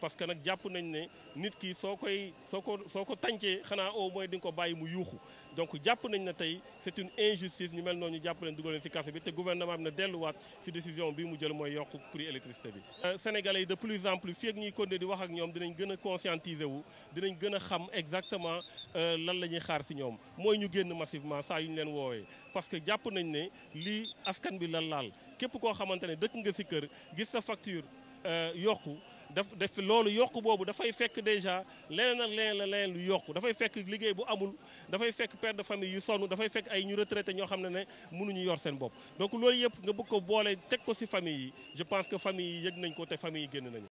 parce que nag jàpp nañ ne nit ki soo koy soo ko soo ko tàncee xanaa au moins di nga ko bàyyi mu yuuxu donc jàpp nañ ne tey c'est une injustice ñu mel noonu ñu jàpp leen dugal leen ci kaso bi te gouvernement bi na delluwaat ci décision bi mu jël mooy yokk prix électricité bi. Euh, Sénégalais yi de plus en plus fii ak ñuy continuer di wax ak ñoom dinañ gën a conscientiser wu dinañ gën a xam exactement euh, lan la ñuy xaar ci ñoom mooy ñu génn massivement saa yu ñu leen woowee parce que jàpp nañ ne lii askan bi la laal képp koo xamante ne dëkk nga ci kër gis sa facture euh, yokku. daf def loolu yokk boobu dafay fekk déjà leneen ak leneen la leneen lu yokk dafay fekk liggéey bu amul dafay fekk père de famille yu sonn dafay fekk ay ñu retraité ñoo xam ne ne mënuñu yor seen bopp donc loolu yëpp nga bëgg ko boole teg ko ci famille yi je pense que famille yi yëg nañ ko te famille yi génn nañu